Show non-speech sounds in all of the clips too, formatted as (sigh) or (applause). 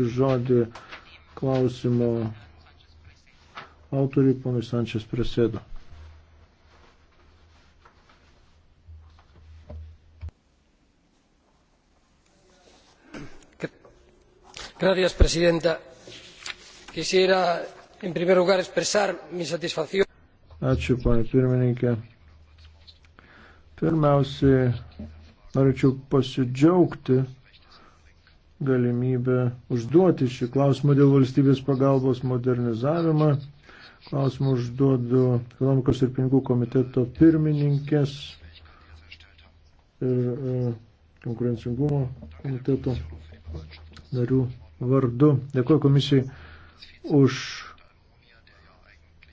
žodį klausimo autoriui, ponui Sančias Presėdo. Gracias, Presidenta. Quisiera, en primer lugar, expresar mi satisfacción. Ačiū, ponė pirmininkė. Pirmiausiai, norėčiau pasidžiaugti galimybę užduoti šį klausimą dėl valstybės pagalbos modernizavimą. Klausimą užduodu ekonomikos ir pinigų komiteto pirmininkės ir e, konkurencingumo komiteto narių vardu. Dėkuoju komisijai už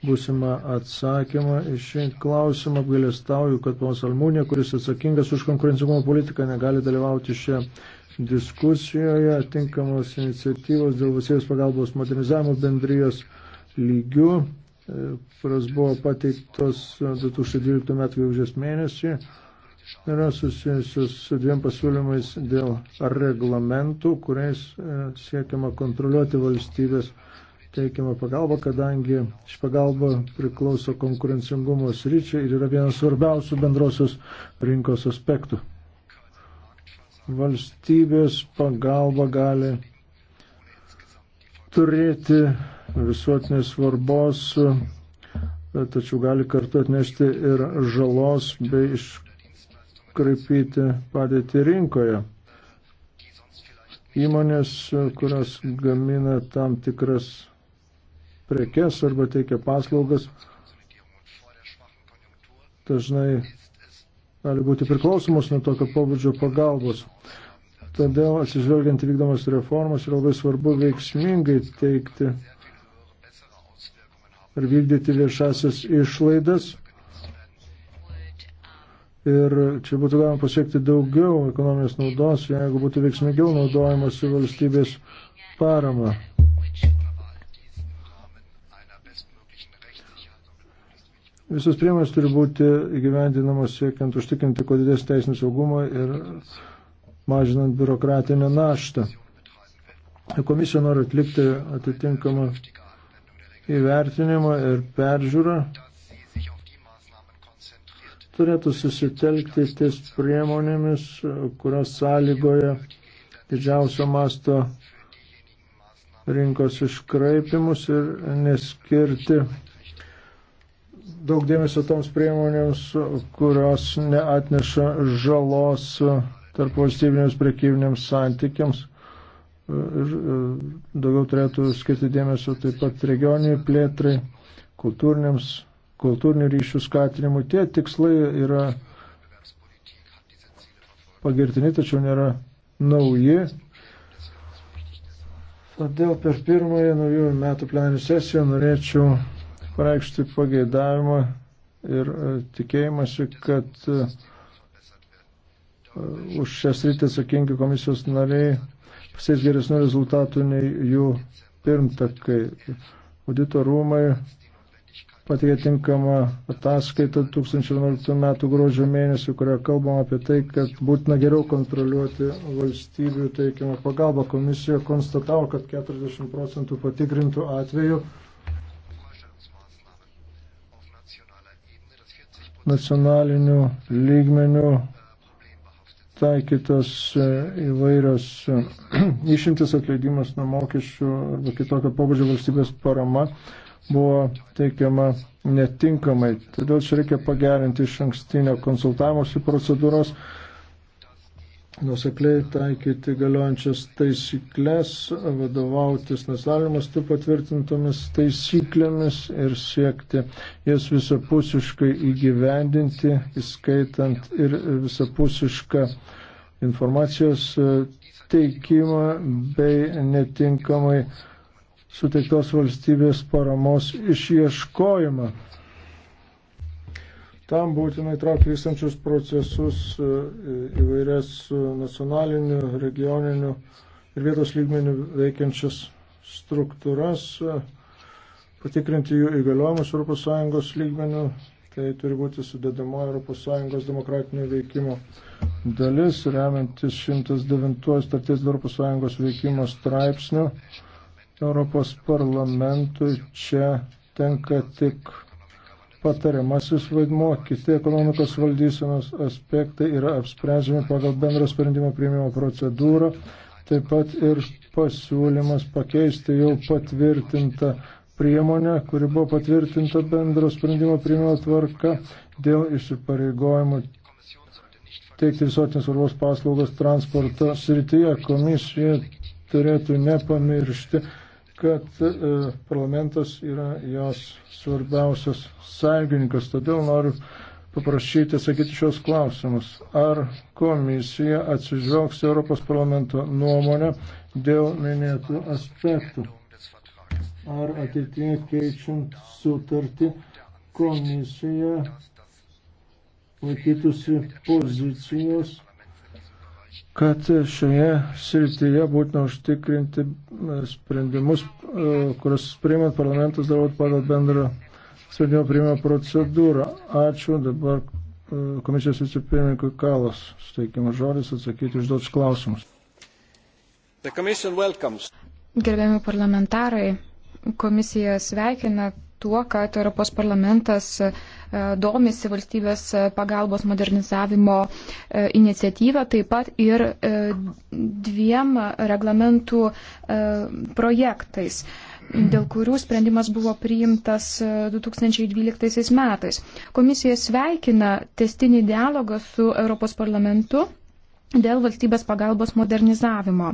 būsimą atsakymą iš šį klausimą. Apgailestauju, kad ponas Almūnė, kuris atsakingas už konkurencingumo politiką, negali dalyvauti šią diskusijoje tinkamos iniciatyvos dėl Rusijos pagalbos modernizavimo bendrijos lygių, e, kurios buvo pateiktos 2012 m. gegužės mėnesį, yra susijusios su dviem pasiūlymais dėl reglamentų, kuriais e, siekiama kontroliuoti valstybės teikiamą pagalbą, kadangi ši pagalba priklauso konkurencingumo sryčiai ir yra vienas svarbiausių bendrosios rinkos aspektų valstybės pagalba gali turėti visuotinės svarbos, tačiau gali kartu atnešti ir žalos bei iškraipyti padėti rinkoje. Įmonės, kurios gamina tam tikras prekes arba teikia paslaugas, dažnai gali būti priklausomos nuo tokio pobūdžio pagalbos. Todėl atsižvelgiant vykdomas reformas yra labai svarbu veiksmingai teikti ir vykdyti viešasias išlaidas. Ir čia būtų galima pasiekti daugiau ekonominės naudos, jeigu būtų veiksmingiau naudojamas valstybės parama. Visos priemonės turi būti gyvendinamos siekiant užtikrinti kuo didesnį teisinį saugumą ir mažinant biurokratinę naštą. Komisija nori atlikti atitinkamą įvertinimą ir peržiūrą. Turėtų susitelkti ties priemonėmis, kurios sąlygoja didžiausio masto rinkos iškraipimus ir neskirti daug dėmesio toms priemonėms, kurios neatneša žalos tarp valstybinėms prekybinėms santykiams. Ir e, daugiau turėtų skirti dėmesio taip pat regioniniai plėtrai, kultūriniams, kultūrinių ryšių skatinimui. Tie tikslai yra pagirtini, tačiau nėra nauji. Todėl per pirmąją naujųjų metų plenarinę sesiją norėčiau pareikšti pageidavimą ir e, tikėjimąsi, kad e, už šias rytį atsakingi komisijos nariai pasieks geresnių rezultatų nei jų pirmtakai. Audito rūmai pateikė tinkamą ataskaitą 2011 m. gruodžio mėnesį, kurioje kalbama apie tai, kad būtina geriau kontroliuoti valstybių teikiamą pagalbą. Komisija konstatavo, kad 40 procentų patikrintų atveju nacionalinių lygmenių taikytos e, įvairios e, (clears throat) išimtis atleidimas nuo mokesčių arba kitokio pobūdžio valstybės parama buvo teikiama netinkamai. Todėl čia reikia pagerinti iš ankstinio konsultavimosi procedūros nusekliai taikyti galiojančias taisyklės, vadovautis nacionaliniu mastu patvirtintomis taisyklėmis ir siekti jas visapusiškai įgyvendinti, įskaitant ir visapusišką informacijos e, teikimą bei netinkamai suteiktos valstybės paramos išieškojimą. Tam būtina įtraukti vykstančius procesus e, įvairias e, nacionalinių, regioninių ir vietos lygmenių veikiančias struktūras, e, patikrinti jų įgaliojimus ES lygmenių. Tai turi būti sudėdama ES demokratinio veikimo dalis, remiantis 109 starties ES veikimo straipsnių. Europos parlamentui čia tenka tik patariamasis vaidmuo, kiti ekonomikos valdysenos aspektai yra apsprendžiami pagal bendrą sprendimo priimimo procedūrą, taip pat ir pasiūlymas pakeisti jau patvirtintą priemonę, kuri buvo patvirtinta bendro sprendimo priimimo tvarka dėl įsipareigojimų teikti visuotinės svarbos paslaugas transporto srityje. Komisija turėtų nepamiršti kad e, parlamentas yra jos svarbiausias sąjungininkas. Todėl noriu paprašyti sakyti šios klausimus. Ar komisija atsižvelgs Europos parlamento nuomonę dėl minėtų aspektų? Ar ateitie keičiant sutartį komisija laikytųsi pozicijos kad šioje srityje būtina užtikrinti sprendimus, e, kuriuos priimant parlamentas darot pagal bendrą sprendimo priimimo procedūrą. Ačiū dabar e, komisijos vicepirmininkui Kalas. Steikimas žodis atsakyti užduotus klausimus. Gerbėmi parlamentarai, komisija sveikina tuo, kad Europos parlamentas e, domisi valstybės e, pagalbos modernizavimo e, iniciatyvą, taip pat ir dviem reglamentų projektais dėl kurių sprendimas buvo priimtas 2012 metais. Komisija sveikina testinį dialogą su Europos parlamentu dėl valstybės pagalbos modernizavimo.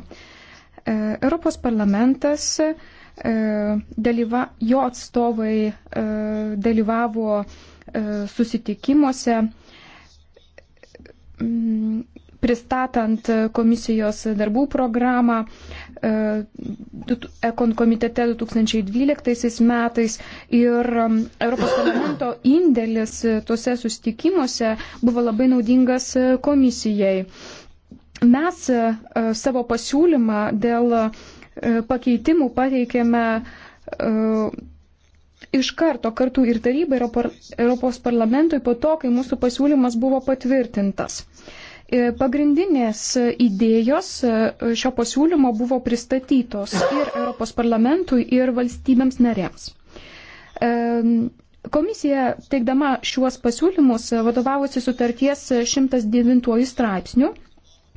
Europos parlamentas E, dalyva, jo atstovai e, dalyvavo e, susitikimuose, pristatant komisijos darbų programą Ekon komitete 2012 metais ir Europos parlamento indėlis tuose susitikimuose buvo labai naudingas komisijai. Mes savo pasiūlymą dėl E, pakeitimų pateikėme e, iš karto kartu ir tarybai Europos parlamentui po to, kai mūsų pasiūlymas buvo patvirtintas. E, pagrindinės idėjos šio pasiūlymo buvo pristatytos ir Europos parlamentui, ir valstybėms narėms. Komisija, teikdama šiuos pasiūlymus, vadovavosi sutarties 109 straipsnių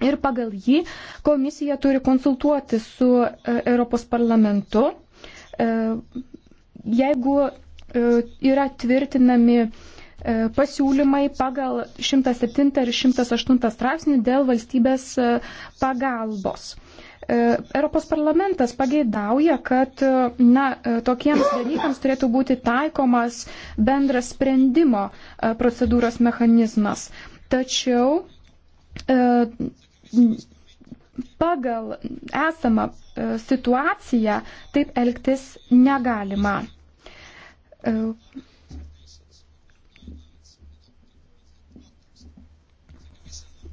ir pagal jį komisija turi konsultuoti su e, Europos parlamentu, e, jeigu e, yra tvirtinami pasiūlymai pagal 107 ir 108 straipsnį dėl valstybės pagalbos. Europos parlamentas pageidauja, kad na, tokiems dalykams turėtų būti taikomas bendras sprendimo procedūros mechanizmas. Tačiau pagal esamą e, situaciją taip elgtis negalima. E,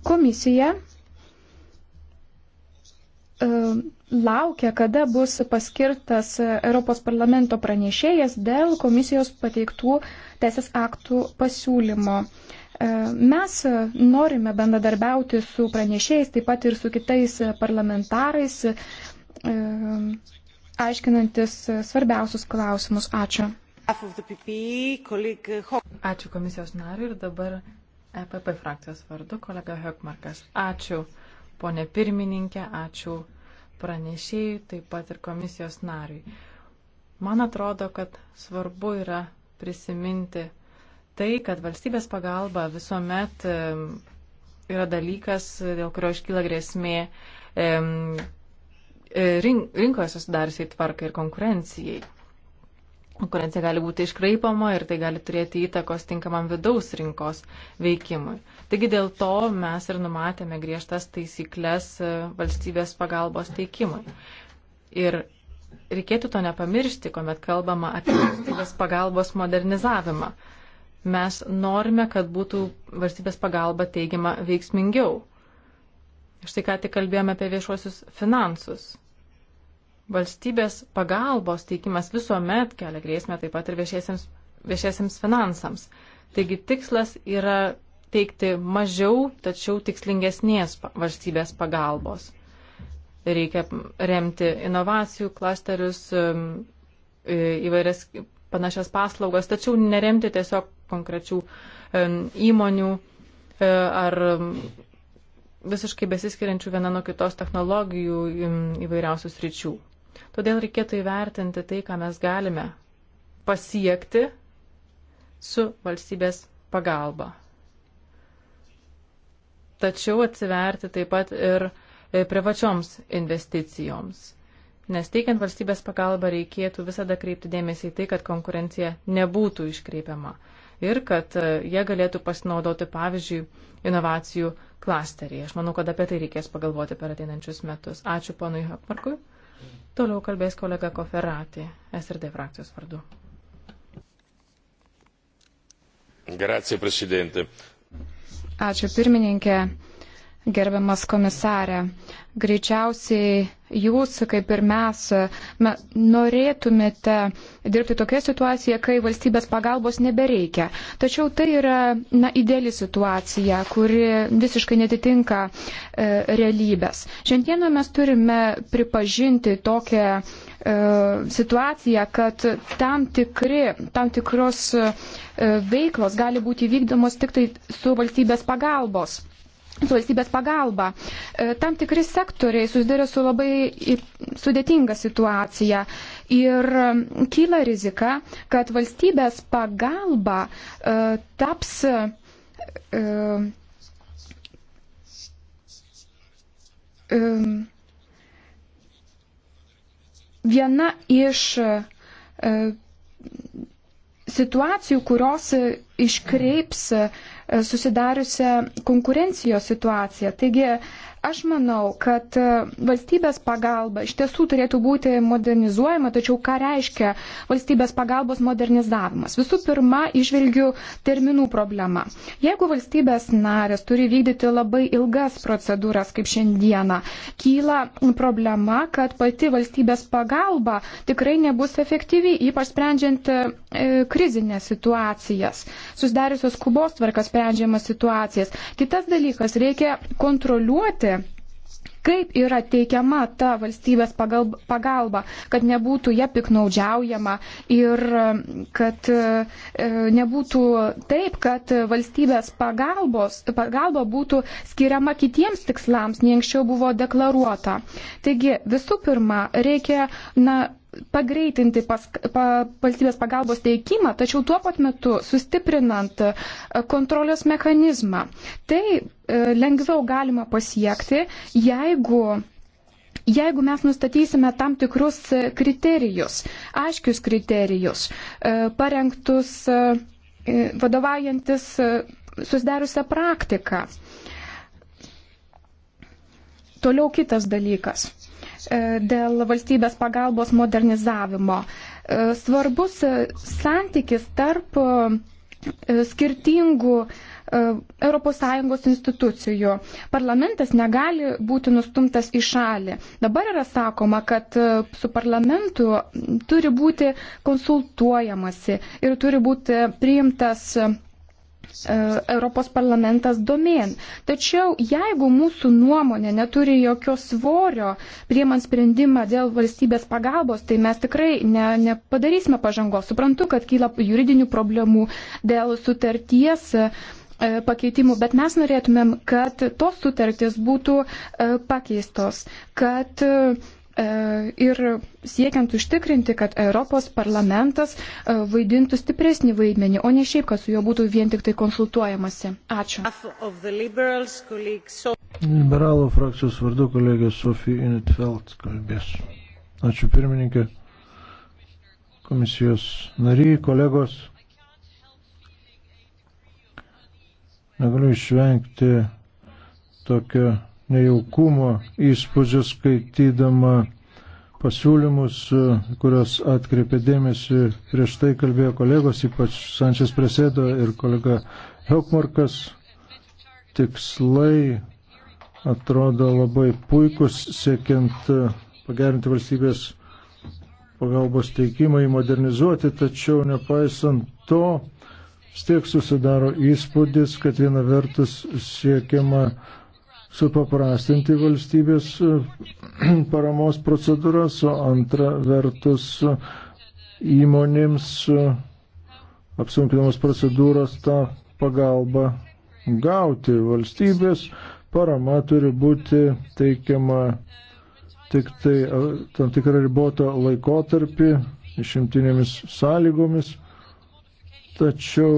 komisija e, laukia, kada bus paskirtas Europos parlamento pranešėjas dėl komisijos pateiktų teisės aktų pasiūlymo. E, mes norime bendradarbiauti su pranešėjais, taip pat ir su kitais parlamentarais, e, aiškinantis svarbiausius klausimus. Ačiū. Ačiū komisijos nariui ir dabar EPP frakcijos vardu kolega Hökmarkas. Ačiū ponė pirmininkė, ačiū pranešėjui, taip pat ir komisijos nariui. Man atrodo, kad svarbu yra prisiminti tai, kad valstybės pagalba visuomet yra dalykas, dėl kurio iškyla grėsmė e, rinkoje susidariusiai tvarkai ir konkurencijai. Konkurencija gali būti iškraipama ir tai gali turėti įtakos tinkamam vidaus rinkos veikimui. Taigi dėl to mes ir numatėme griežtas taisyklės e, valstybės pagalbos teikimui. Ir reikėtų to nepamiršti, kuomet kalbama apie valstybės pagalbos modernizavimą. Mes norime, kad būtų valstybės pagalba teigiama veiksmingiau. Štai ką tik kalbėjome apie viešuosius finansus. Valstybės pagalbos teikimas visuomet kelia grėsmę taip pat ir viešiesiems, viešiesiems finansams. Taigi tikslas yra teikti mažiau, tačiau tikslingesnės valstybės pagalbos. Reikia remti inovacijų klasterius, um, įvairias panašias paslaugas, tačiau neremti tiesiog konkrečių įmonių e, ar visiškai besiskiriančių viena nuo kitos technologijų įvairiausių sričių. Todėl reikėtų įvertinti tai, ką mes galime pasiekti su valstybės pagalba. Tačiau atsiverti taip pat ir e, privačioms investicijoms. Nes teikiant valstybės pagalbą reikėtų visada kreipti dėmesį į tai, kad konkurencija nebūtų iškreipiama ir kad e, jie galėtų pasinaudoti, pavyzdžiui, inovacijų klasterį. Aš manau, kad apie tai reikės pagalvoti per ateinančius metus. Ačiū ponui Hapmarkui. Toliau kalbės kolega Koferati, SRD frakcijos vardu. Grazie, Ačiū pirmininkė. Gerbiamas komisarė, greičiausiai jūs, kaip ir mes, me, norėtumėte dirbti tokia situacija, kai valstybės pagalbos nebereikia. Tačiau tai yra na, ideali situacija, kuri visiškai netitinka e, realybės. Šiandieną mes turime pripažinti tokią e, situaciją, kad tam, tikri, tam tikros e, veiklos gali būti vykdomos tik tai su valstybės pagalbos su valstybės pagalba. E, tam tikri sektoriai susiduria su labai sudėtinga situacija ir kyla rizika, kad valstybės pagalba e, taps e, viena iš situacijų, kurios iškreips uh, susidariusią konkurencijos situaciją. Taigi Aš manau, kad e, valstybės pagalba iš tiesų turėtų būti modernizuojama, tačiau ką reiškia valstybės pagalbos modernizavimas? Visų pirma, išvelgiu terminų problemą. Jeigu valstybės narės turi vykdyti labai ilgas procedūras, kaip šiandieną, kyla problema, kad pati valstybės pagalba tikrai nebus efektyvi, ypač sprendžiant e, krizinės situacijas, susidariusios skubos tvarkas sprendžiamas situacijas. Kitas dalykas, reikia kontroliuoti kaip yra teikiama ta valstybės pagalba, kad nebūtų ją piknaudžiaujama ir um, kad e, e, nebūtų taip, kad valstybės pagalbos, pagalba būtų skiriama kitiems tikslams, nei anksčiau buvo deklaruota. Taigi, visų pirma, reikia na, pagreitinti pask, pa, valstybės pagalbos teikimą, tačiau tuo pat metu sustiprinant e, kontrolės mechanizmą. Tai e, lengviau galima pasiekti, jeigu, jeigu mes nustatysime tam tikrus e, kriterijus, aiškius kriterijus, e, parengtus e, e, vadovaujantis e, susidariusią praktiką. Toliau kitas dalykas E, dėl valstybės pagalbos modernizavimo. E, svarbus e, santykis tarp skirtingų ES institucijų. Parlamentas negali būti nustumtas į šalį. Dabar yra sakoma, kad su parlamentu turi būti konsultuojamasi ir turi būti priimtas E, Europos parlamentas domen. Tačiau jeigu mūsų nuomonė neturi jokio svorio priemant sprendimą dėl valstybės pagalbos, tai mes tikrai ne, nepadarysime pažangos. Suprantu, kad kyla juridinių problemų dėl sutarties e, pakeitimų, bet mes norėtumėm, kad tos sutartys būtų e, pakeistos, kad E, ir siekiant užtikrinti, kad Europos parlamentas e, vaidintų stipresnį vaidmenį, o ne šiaip, kad su juo būtų vien tik tai konsultuojamasi. Ačiū. Liberalų frakcijos vardu kolegė Sofija Inetfeld kalbės. Ačiū pirmininkė, komisijos nariai, kolegos. Negaliu išvengti tokio nejaukumo įspūdžio skaitydama pasiūlymus, e, kurios atkreipė dėmesį prieš tai kalbėjo kolegos, ypač Sančias Presėdo ir kolega Helkmarkas. Tikslai atrodo labai puikus, siekiant e, pagerinti valstybės pagalbos teikimą, įmodernizuoti, tačiau nepaisant to, vis tiek susidaro įspūdis, kad viena vertus siekiama supaprastinti valstybės eh, (clears throat) paramos procedūras, o antra vertus įmonėms eh, apsunkinamos procedūros tą pagalbą gauti. Valstybės parama turi būti teikiama tik tai eh, tam tikrą ribotą laikotarpį, išimtinėmis sąlygomis, tačiau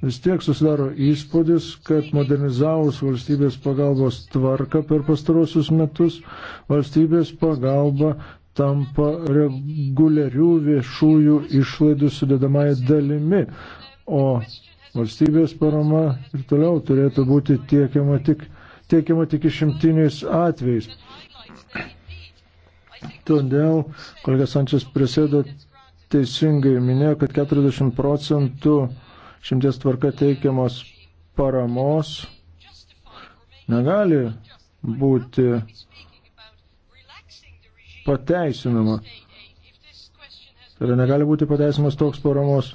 Vis tiek susidaro įspūdis, kad modernizavus valstybės pagalbos tvarką per pastarosius metus, valstybės pagalba tampa reguliarių viešųjų išlaidų sudedamąją dalimi, o valstybės parama ir toliau turėtų būti tiekiama tik, tiekiama tik išimtiniais atvejais. Todėl kolega Sančias prisėdo teisingai minėjo, kad 40 procentų šimties tvarka teikiamos paramos negali būti pateisinama. Tai yra negali būti pateisinamas toks paramos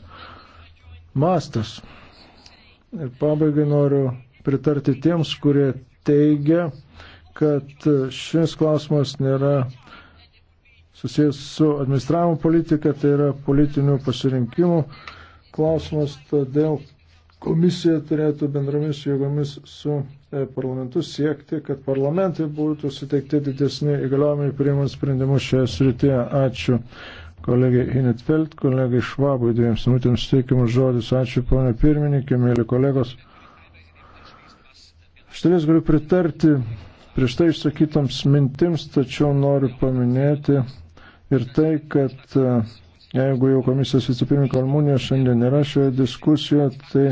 mastas. Ir pabaigai noriu pritarti tiems, kurie teigia, kad šis klausimas nėra susijęs su administravimo politika, tai yra politinių pasirinkimų klausimas, todėl komisija turėtų bendromis jėgomis su e, parlamentu siekti, kad parlamentai būtų suteikti didesni įgaliojimai priimant sprendimus šioje srityje. Ačiū kolegai Hinetfeld, kolegai Švabui, dviems minutėms teikiamas žodis. Ačiū ponė pirmininkė, mėly kolegos. Štelės galiu pritarti prieš tai išsakytoms mintims, tačiau noriu paminėti ir tai, kad e, Jeigu jau komisijos vicepirmininko Almūnė šiandien nėra šioje diskusijoje, tai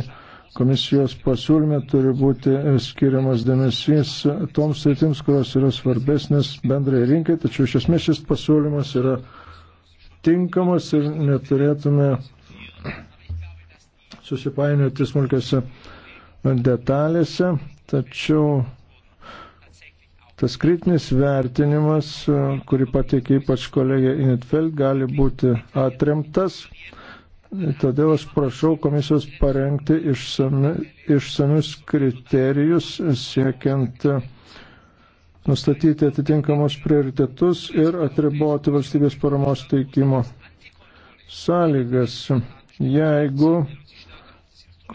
komisijos pasiūlyme turi būti skiriamas dėmesys toms sritims, kurios yra svarbesnės bendrai rinkai, tačiau iš esmės šis pasiūlymas yra tinkamas ir neturėtume susipainioti smulkiose detalėse, tačiau Tas kritinis vertinimas, kurį pateikė ypač kolegė Inetfeld, gali būti atremtas. Todėl aš prašau komisijos parengti išsami, išsamius kriterijus siekiant nustatyti atitinkamus prioritetus ir atriboti valstybės paramos teikimo sąlygas. Jeigu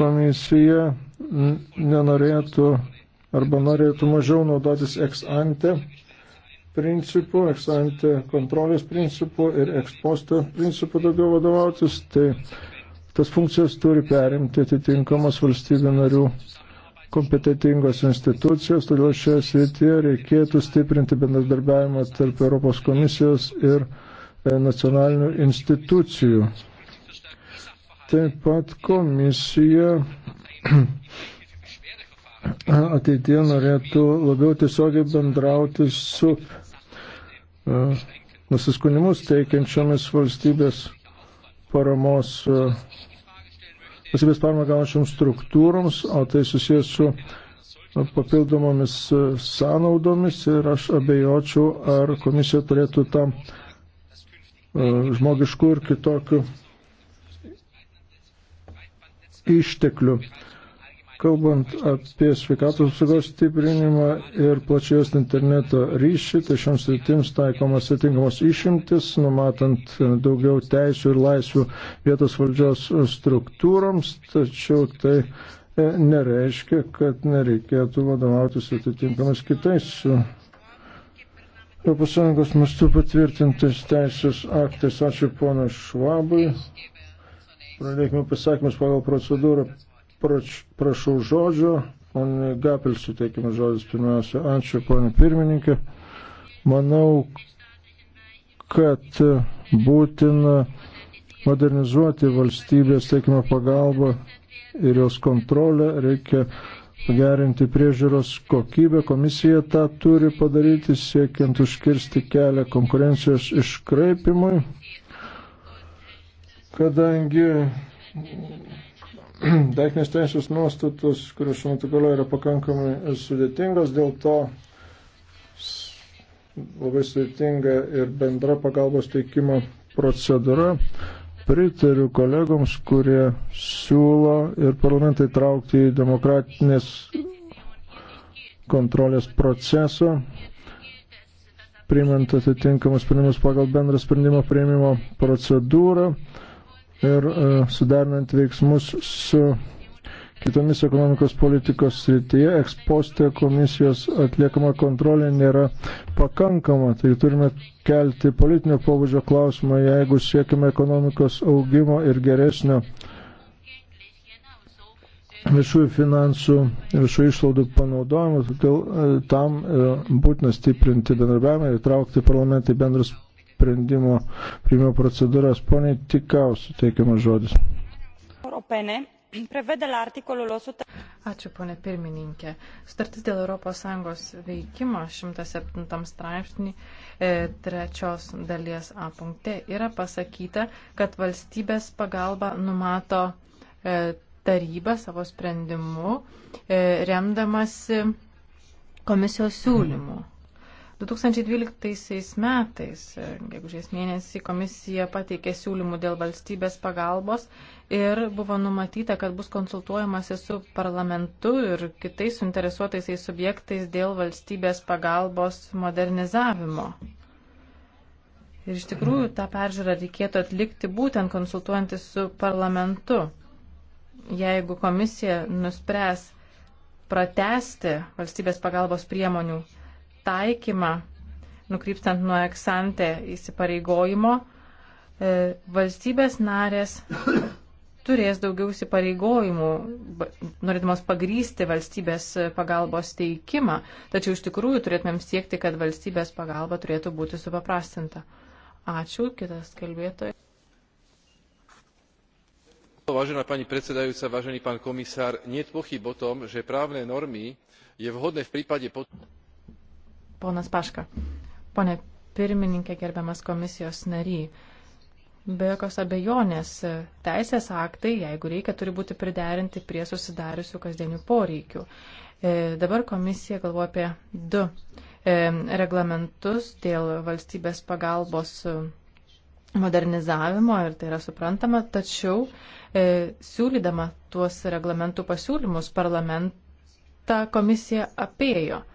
komisija nenorėtų arba norėtų mažiau naudotis ex ante principų, ex ante kontrolės principų ir ex posto principų daugiau vadovautis, tai tas funkcijas turi perimti atitinkamas valstybių narių kompetitingos institucijos, todėl šioje srityje reikėtų stiprinti bendradarbiavimą tarp Europos komisijos ir e, nacionalinių institucijų. Taip pat komisija (clears throat) ateitie norėtų labiau tiesiogiai bendrauti su uh, nusiskunimus teikiančiomis valstybės paramos, uh, valstybės paramą gaunančioms struktūroms, o tai susijęs su uh, papildomomis sąnaudomis ir aš abejočiau, ar komisija turėtų tam žmogiškų ir kitokių išteklių. Kalbant apie sveikatos apsaugos stiprinimą ir plačios interneto ryšį, tai šioms sritims taikomas atitinkamos išimtis, numatant daugiau teisų ir laisvių vietos valdžios struktūroms, tačiau tai e, nereiškia, kad nereikėtų vadovautis atitinkamas kitais e, ES mastu patvirtintais teisės aktais. Ačiū ponas Švabui. Pradėkime pasakymus pagal procedūrą prač, prašau žodžio. Pone Gapel suteikimas žodis pirmiausia. Ačiū, ponė pirmininkė. Manau, kad būtina modernizuoti valstybės teikimo pagalbą ir jos kontrolę. Reikia pagerinti priežiūros kokybę. Komisija tą turi padaryti, siekiant užkirsti kelią konkurencijos iškraipimui, kadangi Daiknės (clears throat) teisės nuostatos, kurios šiuo metu galioja, yra pakankamai sudėtingos, dėl to labai sudėtinga ir bendra pagalbos teikimo procedūra. Pritariu kolegoms, kurie siūlo ir parlamentai traukti į demokratinės kontrolės procesą, priimant atitinkamus sprendimus pagal bendrą sprendimo prieimimo procedūrą ir e, sudarnant veiksmus su kitomis ekonomikos politikos srityje, ekspostė komisijos atliekama kontrolė nėra pakankama. Tai turime kelti politinio pobūdžio klausimą, jeigu siekime ekonomikos augimo ir geresnio viešųjų finansų, viešųjų išlaidų panaudojimo, todėl e, tam e, būtina stiprinti bendarbiavimą ir traukti parlamentą į bendrus sprendimo priimimo procedūras. Pone Tikaus, suteikiamas žodis. Europene. Ačiū, ponė pirmininkė. Sutartis dėl ES veikimo 107 straipsnį e, trečios dalies A punkte yra pasakyta, kad valstybės pagalba numato e, taryba savo sprendimu e, remdamasi komisijos siūlymu. Mm. 2012 metais, e, gegužės mėnesį, komisija pateikė siūlymų dėl valstybės pagalbos ir buvo numatyta, kad bus konsultuojamasi su parlamentu ir kitais suinteresuotais subjektais dėl valstybės pagalbos modernizavimo. Ir iš tikrųjų tą peržiūrą reikėtų atlikti būtent konsultuojantis su parlamentu. Jeigu komisija nuspręs pratesti valstybės pagalbos priemonių taikymą, nukrypstant nuo eksante įsipareigojimo, e, valstybės narės turės daugiau įsipareigojimų, norėdamos pagrysti valstybės pagalbos teikimą, tačiau iš tikrųjų turėtumėm siekti, kad valstybės pagalba turėtų būti supaprastinta. Ačiū, kitas kalbėtojas. Vážená pani predsedajúca, vážený pán komisár, nie je pochyb o tom, že právne normy je vhodné v prípade pod... Ponas Paška. Pone pirmininkė, gerbiamas komisijos nary. Be jokios abejonės, teisės aktai, jeigu reikia, turi būti priderinti prie susidariusių kasdienių poreikių. E, dabar komisija galvoja apie du e, reglamentus dėl valstybės pagalbos e, modernizavimo ir tai yra suprantama, tačiau e, siūlydama tuos reglamentų pasiūlymus parlamentą komisija apėjo. E,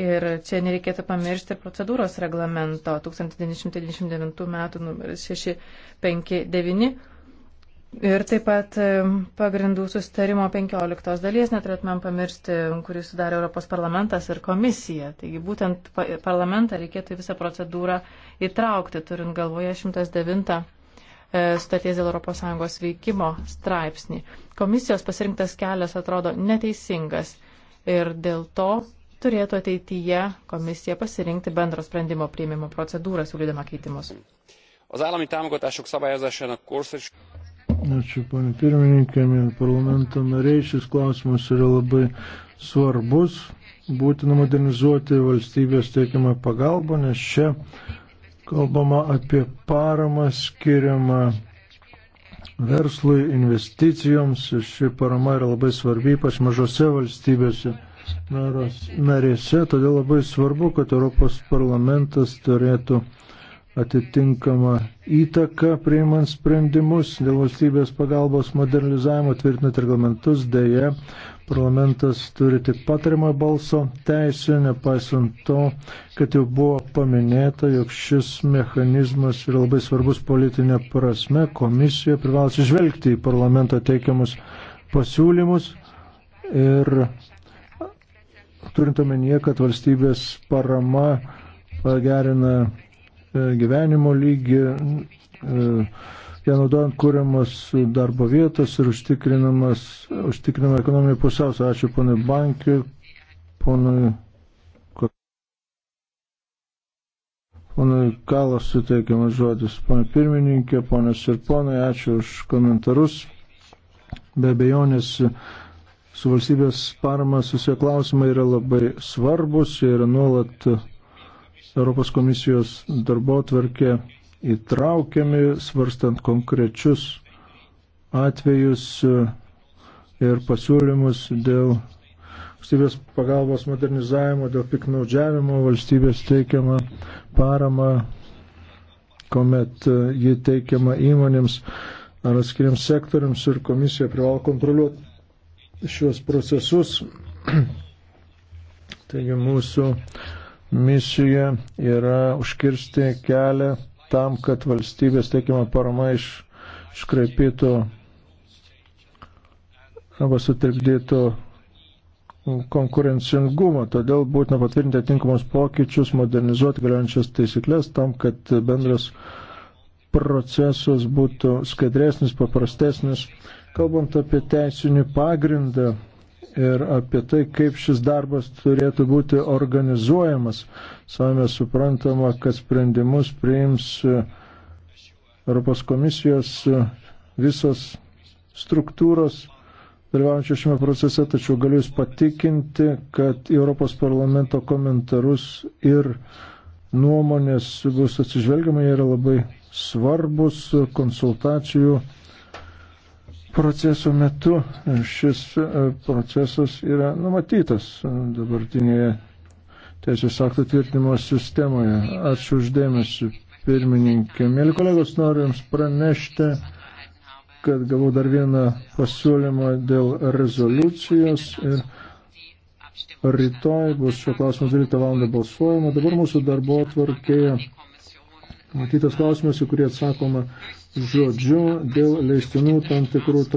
Ir čia nereikėtų pamiršti ir procedūros reglamento 1999 m. numeris 659. Ir taip pat e, pagrindų sustarimo 15 dalies neturėtumėm pamiršti, kurį sudarė Europos parlamentas ir komisija. Taigi būtent parlamentą reikėtų į visą procedūrą įtraukti, turint galvoje 109 e, sutarties dėl ES veikimo straipsnį. Komisijos pasirinktas kelias atrodo neteisingas ir dėl to turėtų ateityje komisija pasirinkti bendro sprendimo prieimimo procedūrą siūlydama keitimus. Ačiū, panė pirmininkė, mėly parlamento nariai, šis klausimas yra labai svarbus. Būtina modernizuoti valstybės teikiamą pagalbą, nes čia kalbama apie paramą skiriamą verslui, investicijoms. Ši parama yra labai svarbi, ypač mažose valstybėse narėse, todėl labai svarbu, kad Europos parlamentas turėtų atitinkamą įtaką priimant sprendimus dėl valstybės pagalbos modernizavimo, tvirtinant reglamentus. Deja, parlamentas turi tik patariamą balso teisę, nepaisant to, kad jau buvo paminėta, jog šis mechanizmas yra labai svarbus politinė prasme. Komisija privalo atsižvelgti į parlamento teikiamus pasiūlymus ir turint omenyje, kad valstybės parama gerina e, gyvenimo lygį, e, ją naudojant kūriamas darbo vietos ir užtikrinama ekonominė pusiausvė. Ačiū ponui Bankiu, ponui, ponui Kalas suteikiamas žodis, ponui pirmininkė, ponės ir ponai, ačiū už komentarus. Be abejonės su valstybės parama susiję klausimai yra labai svarbus ir nuolat Europos komisijos darbo tvarkė įtraukiami, svarstant konkrečius atvejus ir pasiūlymus dėl valstybės pagalbos modernizavimo, dėl piknaudžiavimo valstybės teikiamą paramą, kuomet ji teikiama įmonėms ar atskiriams sektoriams ir komisija privalo kontroliuoti šiuos procesus. (clears throat) Taigi mūsų misija yra užkirsti kelią tam, kad valstybės teikiama parama iš, iškraipytų arba sutrikdytų konkurencingumą. Todėl būtina patvirtinti atinkamus pokyčius, modernizuoti galiojančias taisyklės tam, kad bendras procesas būtų skaidresnis, paprastesnis Kalbant apie teisinį pagrindą ir apie tai, kaip šis darbas turėtų būti organizuojamas, savame suprantama, kad sprendimus priims e, Europos komisijos e, visos struktūros dalyvaujančių šiame procese, tačiau galiu Jūs patikinti, kad Europos parlamento komentarus ir nuomonės bus atsižvelgiama, jie yra labai svarbus konsultacijų proceso metu šis e, procesas yra numatytas e, dabartinėje teisės aktų tvirtinimo sistemoje. Ačiū uždėmesi, pirmininkė. Mėly kolegos, noriu Jums pranešti, kad gavau dar vieną pasiūlymą dėl rezoliucijos ir rytoj bus šio klausimo 12 val. balsuojama. Dabar mūsų darbo atvarkėje. Kitas klausimas, į kurį atsakoma žodžiu dėl leistinų tam tikrų